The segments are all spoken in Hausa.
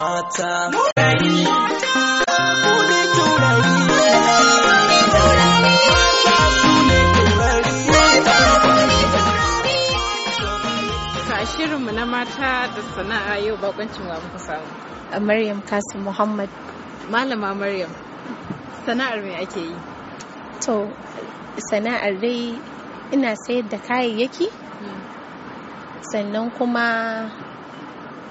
mata. shirinmu na mata da sana'a yau bakoncin wa muka samu. Maryam Kasim Muhammad. Malama Maryam, sana'ar me ake yi? To, sana'ar dai ina sayar da kayayyaki, hmm. sannan kuma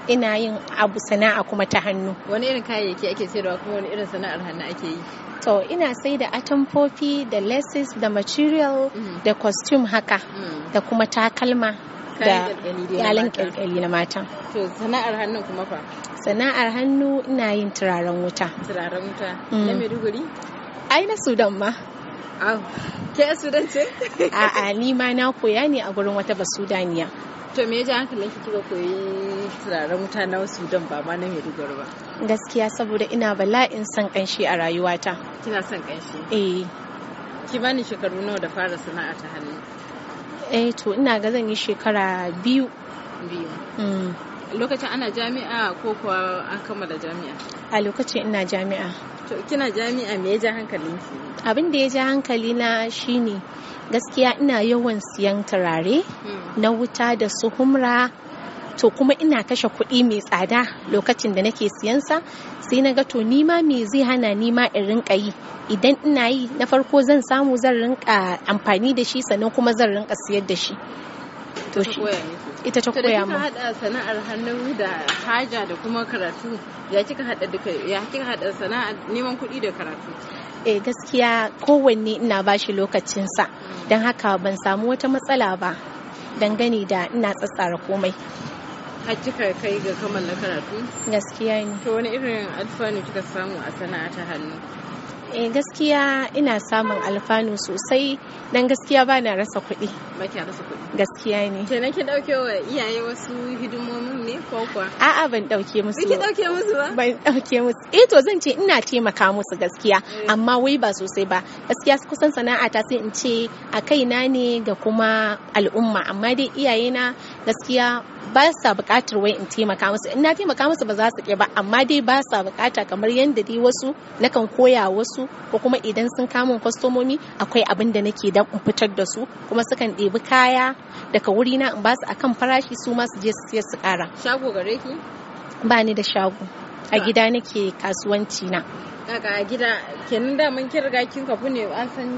ina yin abu sana'a kuma ta hannu wani irin kayayyaki ake sayarwa kuma wani irin sana'ar hannu ake yi to ina sai da atamfofi da laces da material mm. da costume haka mm. da kuma takalma da yalan kyalkyali na mata to sana'ar hannu kuma fa sana'ar hannu ina yin turaren wuta turaren wuta mm. na maiduguri ai na sudan ma ke sudan ce a'a ni ma na koya ne a gurin wata basudaniya to me ya hankalin ki kika koyi turaren wuta na Sudan ba ma na Maiduguri ba gaskiya saboda ina bala'in son kanshi a rayuwata kina son kanshi eh ki bani shekaru nawa da fara sana'a ta hannu eh to ina ga zan yi shekara biyu biyu mm. lokacin ana jami'a ko kuwa an kammala jami'a a lokacin ina jami'a to kina jami'a me ya ja hankali. abin da ya ja hankali na shine gaskiya ina yawan siyan turare hmm. na wuta da su to kuma ina kashe kuɗi mai tsada lokacin da nake siyansa sai na ga to nima me zai hana nima in rinka yi idan ina yi na farko zan samu zan rinka amfani da shi sannan kuma zan rinka siyar da shi to shi ita ta koya mu hada sana'ar hannu da haja da kuma karatu ya kika hada duka ya kika hada sana'ar neman kuɗi da karatu eh gaskiya kowanne ina bashi sa mm. dan haka ban samu wata matsala ba dangane da ina tsatsara komai har kika kai ga kammala karatu gaskiya ne to wani irin alfanu kika samu a sana'a ta hannu eh gaskiya ina samun alfanu sosai dan gaskiya ba na rasa kuɗi baki rasa kuɗi gaskiya ne kenan ki dauke wa iyaye wasu hidimomin ne ko kuwa a'a ban dauke musu ki dauke musu ba ban dauke musu eh to zan ce ina taimaka musu gaskiya eh. amma wai ba sosai ba gaskiya kusan sana'a ta sai in ce a kaina ne ga kuma al'umma amma dai iyayena gaskiya ba sa buƙatar wai in taimaka musu in na taimaka musu ba za su ba amma dai ba sa buƙata kamar yadda dai wasu nakan koya wasu ko kuma idan sun kama kwastomomi akwai abin da nake dan in fitar da su kuma sukan ɗebi kaya daga wuri na in ba su akan farashi su ma su je su siya su kara shago gare ki ba ni da shago a gida nake kasuwanci na daga a gida kenan mun kin riga kin kafu ne an san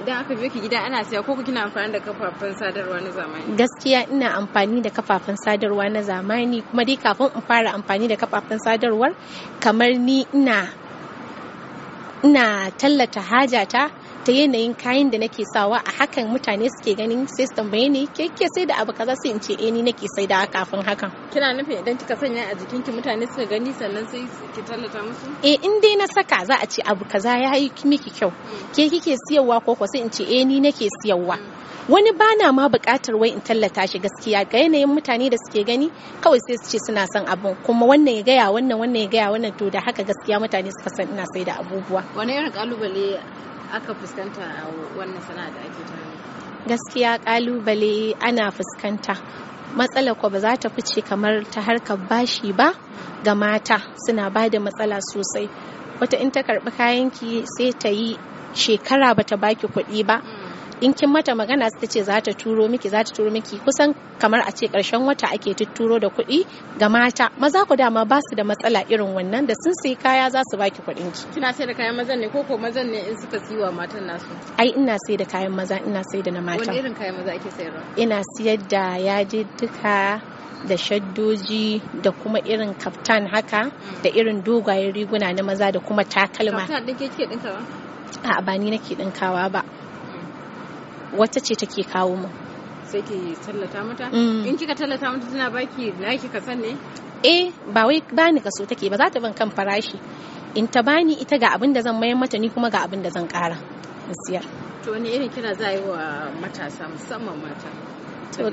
idan aka biyo ki gida ana siya ko kina amfani da kafafen sadarwa na zamani gaskiya ina amfani da kafafen sadarwa na zamani kuma dai kafin in fara amfani da kafafen sadarwar kamar ni ina ina tallata hajata ta yanayin kayan da nake sawa a hakan mutane suke ganin sai su tambaye ni ke ke sai da abu kaza sai in ce eh ni nake sai da kafin hakan kina nufin idan kika sanya a jikinki mutane suka gani sannan sai ki tallata musu eh in dai na saka za a ce abu kaza yayi miki kyau ke kike siyarwa ko ko sai in ce eh ni nake siyarwa wani bana ma buƙatar wai in tallata shi gaskiya ga yanayin mutane da suke gani kawai sai su ce suna son abun kuma wannan ya gaya wannan wannan ya gaya wannan to da haka gaskiya mutane suka san ina sai da abubuwa wani irin kalubale aka fuskanta fuskanta a wannan sana'a da ake ta gaskiya kalubale ana fuskanta matsala ko ba za ta fice kamar ta harkar bashi ba ga mata suna ba da matsala sosai wata in ta karbi kayanki sai ta yi shekara ba ta baki kuɗi ba in kin mata magana ta ce za ta turo miki za ta turo miki kusan kamar a ce karshen wata ake tutturo da kuɗi ga mata maza ku dama ba su da matsala irin wannan da sun sayi kaya za su baki kuɗin ki kina sai da kayan mazan ne ko ko mazan ne in suka siwa matan nasu ai ina sai da kayan maza ina sai da na mata wani irin kayan maza ake sayarwa ina siyar da yaji duka da shaddoji da kuma irin kaftan haka mm. da irin dogayen riguna na maza da kuma takalma kaftan din ke dinkawa a'a ba ni nake dinkawa ba wata ce take kawo mu sai ke tallata mata mm. in kika tallata mata tana baki na naki kasan ne eh ba wai bani kaso take ba za ta ban kan farashi in ta bani ita ga abin da zan mayar mata ni kuma ga abin da zan kara in siyar to wani irin kira za a yi wa matasa musamman mata To,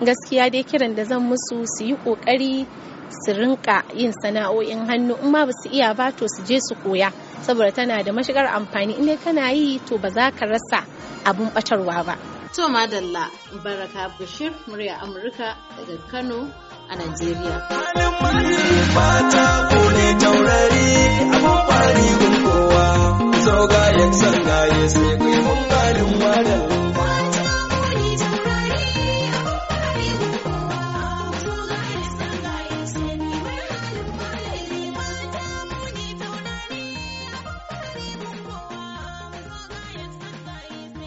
gaskiya dai kiran da zan musu su yi kokari su rinka yin sana'o'in hannu in ma ba su iya ba to su je su koya saboda tana da mashigar amfani in dai kana yi to ba za ka rasa abun batarwa ba to madalla baraka bashir murya amurka daga kano a najeriya